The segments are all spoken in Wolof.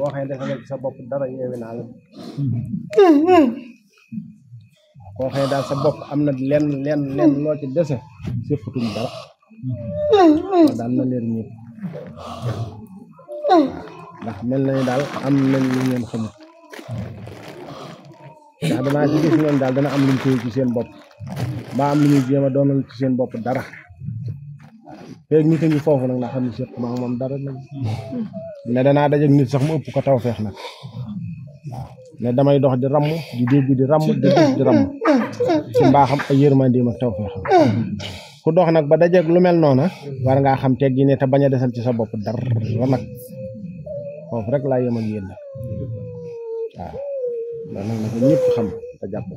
waaye nag sa bopp dara yeewi naa la daal sa bopp am na lenn lenn lenn loo ci dese sëppatum dara na leer ñëpp ndax mel na ni daal am nañ lu ngeen xamul ndax danaa ci daal dana am luñ téye ci seen bopp mbaa am lu ñuy jéem a doonal ci seen bopp dara feeg nit a ngi foofu nag naa xam ne seq ma nada dara nag ne danaa dajeeg nit sax mu ëpp ko taw feex nag waaw ne damay dox di ramm di dégg di ramm di gis di ramm ci mbaaxam ak yërmandeem ak taw feexam ku dox nag ba dajeeg lu mel noona war ngaa xam teggi ne te bañ a desal ci sa bopp dara nag foofu rek laa yem xam ko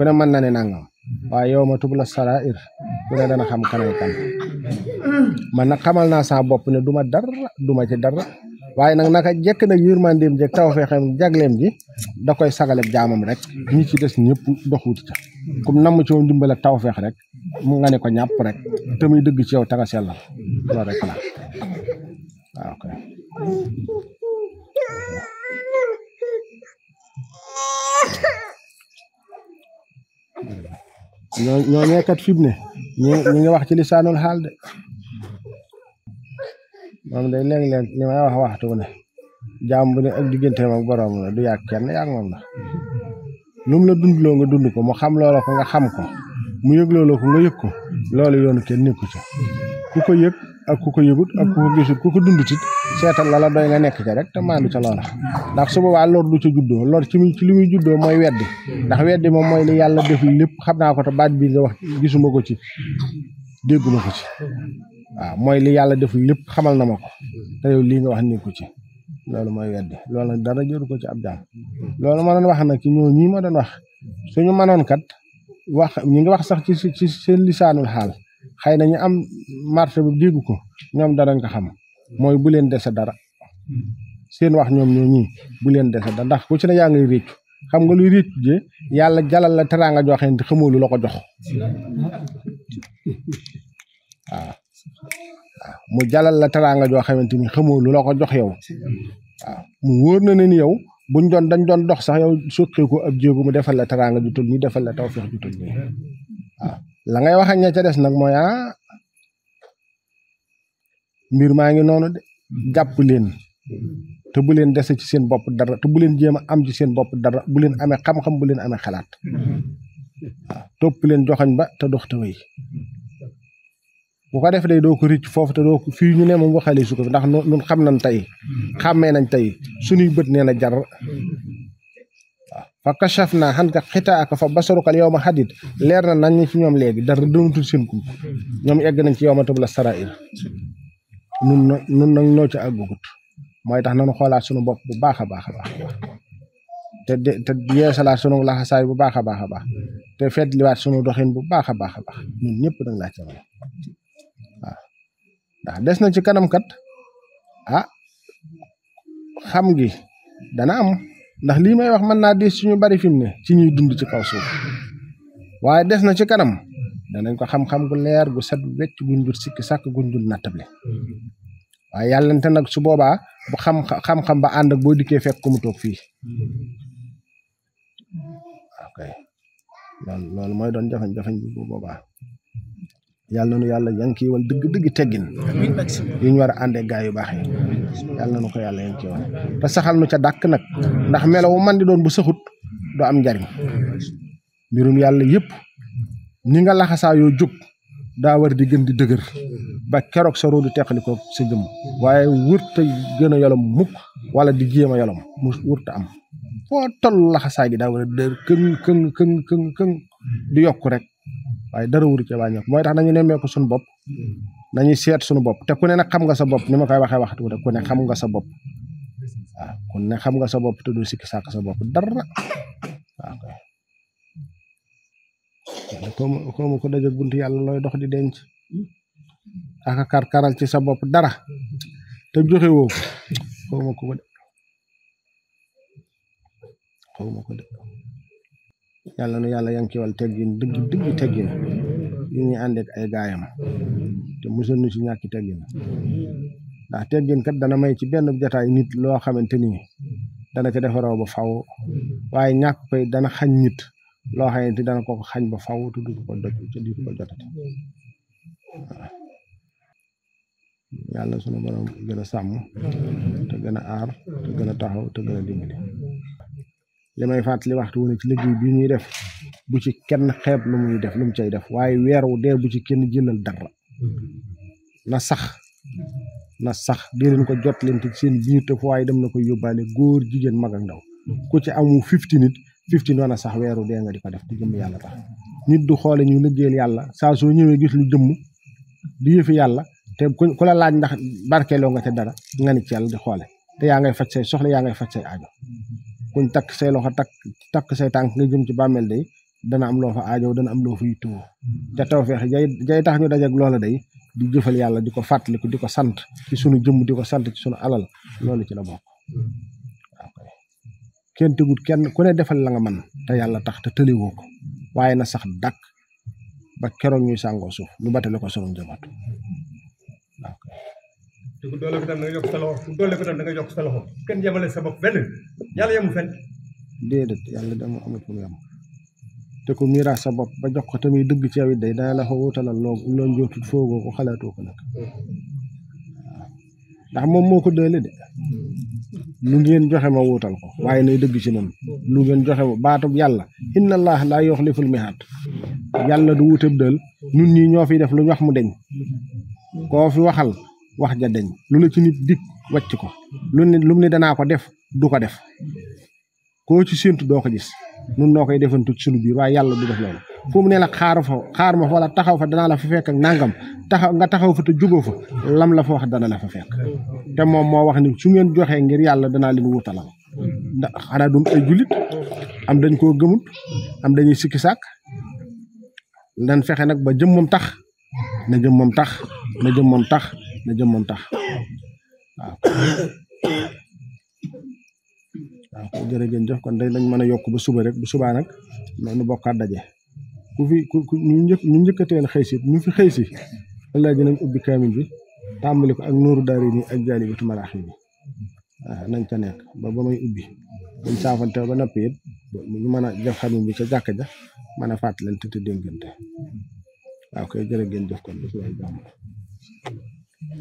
ku mana mën na ne nangam wa yow ma tubla sarair ku dana xam kanay kan man nag xamal naa saa ne duma dar duma ci dara waaye nag naka jekk nag yurmandeem jeeg tawfeexam jaglem ji da koy sagaleb rek ñi ci des ñepp doxut ci kum nam ci won dimbal ak rek mu nga ne ko ñap rek te muy deug ci yow tagasel la rek la ñoo ñoo ñeekat fi mu ne ñu wax ci lisaanul xaal de moom day léeg-léeg li may wax waxtu bu ne jaam bu ne ak digganteem ak boroom la kenn yàgg moom na lu la dundloo nga dund ko mu xam loola ko nga xam ko mu yëg loola ko nga yëg ko loolu yoonu kenn nekku ca ku ko yëg ak ku ko yëgut ak ku ko gisut ku ko dundutit seetal la la doy nga nek ca rek te maandu ci lool ndax su wa lor du ci juddo lool ci ci limuy juddo moy wedd ndax wedd mom moy li yalla def lepp xamna ko to baaj bi nga wax gisuma ko ci dégguma ko ci wa moy li yalla def lepp xamal na mako te yow li nga wax ko ci lool moy wedd lool nak dara jëru ko ci abdal lool ma don wax nak ci ñoo ñi ma don wax suñu manon kat wax ñi nga wax sax ci ci sen lisanul hal xayna ñu am marché bu dégg ko ñoom danañ ko xam mooy bu leen dese dara seen wax ñoom ñoo bu leen dese dara ndax ku ci ne yaa ngay réccu xam nga luy réccu je yàlla jalal la teraanga joo xam ne xamoo lu la ko jox waaw mu jalal la teraanga joo xamante ni xamoo lu la ko jox yow waaw mu wóor na neen ni yow buñ doon dañ doon dox sax yaw soqee ko ab jéego mu defal la teraanga ju toll nii defal la taw ju toll nii la ngay wax ak ca des nag mooy ah mbir maa ngi noonu de jàpp leen te bu leen dese ci seen bopp dara te bu leen jéem a am ci seen bopp dara bu leen ame xam-xam bu leen amee xalaat waaw topp leen joxañ ba te dox te wéy bu ko def day doo ko rëcc foofu te doo ko fii ñu ne moom waxale su ko fi ndax ñun xam nañ tey xàmmee nañ tey suñuy bët nee na jar waaw fa kachaf naa xan ka xitaa ak fa basarukal yow ma xadit leer na nañ ci ñoom léegi dara doonatul seen kump ñoom egg nañ ci yow ma tëb la sarair nun nun no noo ci àggugut moy tax nañu xolaat suñu bop bu baax a baax a te de te yeesalaat sunu laxasaay bu baax a baax te baax te fetliwaat sunu doxin bu baax a baax ñun ñepp nag la ci waaw des na ci kanam kat ah xam gi dana am ndax li may wax man na di suñu bari Wah ci ñuy dund ci kaw suuf des na ci kanam danañ ko xam-xam gu leer gu set wecc guñ dul sikki sàkk guñ dul nattable mm-hmm. waaye nte nag su boobaa bu xam xam-xam ba ànd ak boo dikkee fekk mu toog fii mm-hmm. ok loolu loolu mooy doon jafañ jafañ bi bu boobaa yàlla nu yàlla wal dëgg dëgg teggin yi ñu war a àndee gaa yu baax yi yàlla nu ko yàlla yankiwal te saxal nu ca dàkk nag mm-hmm. ndax melawu man di don bu saxut du am njariñ mbirum yàlla yépp ni nga laxasaa laxasaayoo jóg daa war di gën di dëgër ba keroog sa roo di teqalikoo sa jëmm waaye wërta gën a yolom mukk wala di jéem a yolom mu wërta am foo toll laxasaay gi daa war a dëgër këng këng këng këng di yokk rek waaye dara wur wuru ci wàññeeku mooy tax nañu nemmee ko suñu bopp nañuy seet suñu bopp te ku ne na xam nga sa bopp ni ma koy waxee waxtu ku ne xam nga sa bopp waaw ku ne xam nga sa bopp te du sikki sàkk sa bopp dara comme comme ko dajak buntu yàlla looy dox di denc aka karkaral ci sa bopp dara te joxe woo ko xawma ko de xawma ko de yàlla nu yàlla yankiwal teggin dëgg dëgg teggin yi ñuy ànd ak ay gaayam te musal nu ci ñàkki teggin ndax kat dana may ci benn jataay nit loo xamante dana ca defaroo ba faw waaye dana xañ nit loo xamante dana ko xañ ba faw te du ko doj te du ko jotati a sàmm gën a aar gën a taxaw te gën a may fàttali waxtu wu ci liggéey bi ñuy def bu ci kenn xeeb lu muy def lu mu cay def waaye weer wu dee bu ci kenn jëlal dara na sax na sax di leen ko jot leen ci seen biir te fu waaye dem na koy yóbbaale góor jigéen mag ak ndaw ku ci amu fifty nit fifty noona sax weeru dee nga di ko def di jëm yàlla tax nit du xoole ñu liggéeyal yàlla saa soo ñëwee gis lu jëmm di yëfi yàlla te ku la laaj ndax barkeeloo nga te dara nga ni ci yàlla di xoole te yaa ngay faj say soxla yaa ngay faj say aajo kuñ tak say loxo takk takk say tànk nga jëm ci bàmmeel day dana am loo fa aajo dana am loo fa yittewoo te tawfeex jay jay tax ñu dajak loola day di jëfal yàlla di ko fàttaliku di ko sant ci sunu jëmm di ko sant ci sunu alal loolu ci la bokk kenn tegul kenn ku ne defal la nga man te yàlla tax te tëliwoo ko waaye na sax dàq ba keroog ñuy sàngoo suuf ñu batale ko sunu ko sa loxo ku doole ko tam sa loxo kenn yemale sa benn yàlla yemu fenn. déedéet yàlla dama amul fu mu yem te ku miiraas sa ba jox ko tamit dëgg ci yow it day dana la ko wutalal loo loo njootut foogoo ko xalaatoo ko nag mm. ndax moom moo ko doole de. Mm. lu ngeen joxe ma wuutal ko waaye nay dëgg ci noon lu ngeen joxe ma baatu yàlla inna allah laa yuxliful mihaat yàlla du wutab dël ñun ñii ñoo fi def lu ñu wax mu deñ koo fi waxal wax ja deñ lu la ci nit dikk wacc ko lu ne lu mu ne danaa ko def du ko def koo ci séentu doo ko gis nun noo koy defantu ci sunu biir waaye yàlla du def loolu fum ne la xaar fa xaar ma fa wala taxaw fa dana la fa fek ak nangam taxaw nga taxaw fa te jugo fa lam la fa wax dana la fa fek te mom mo wax ni su ngeen joxe ngir yàlla danaa leen wutalal ndax xanaa du ay julit am dañ mana gëmut am dañuy sikki sak lan fexé nak ba mom tax na mom tax na mom tax na mom tax waaw gën jox kon day lañ mëna yok bu suba rek bu suba nak nonu dajé ku fi ku ñu njëkk ñu xëy si ñu fi xëy si wallaahi dinañ ubbi kaamil bi tàmbali ko ak nooru daari ni ak jaalibatu maraax yi ah, nañ ca nekk ba ba may ubbi buñ saafante ba noppi it ñu mën a def xamim bi ca jàkk ja mën a fàttalante te déggante waaw kay jërë ngeen jëf kon bis lay jàmm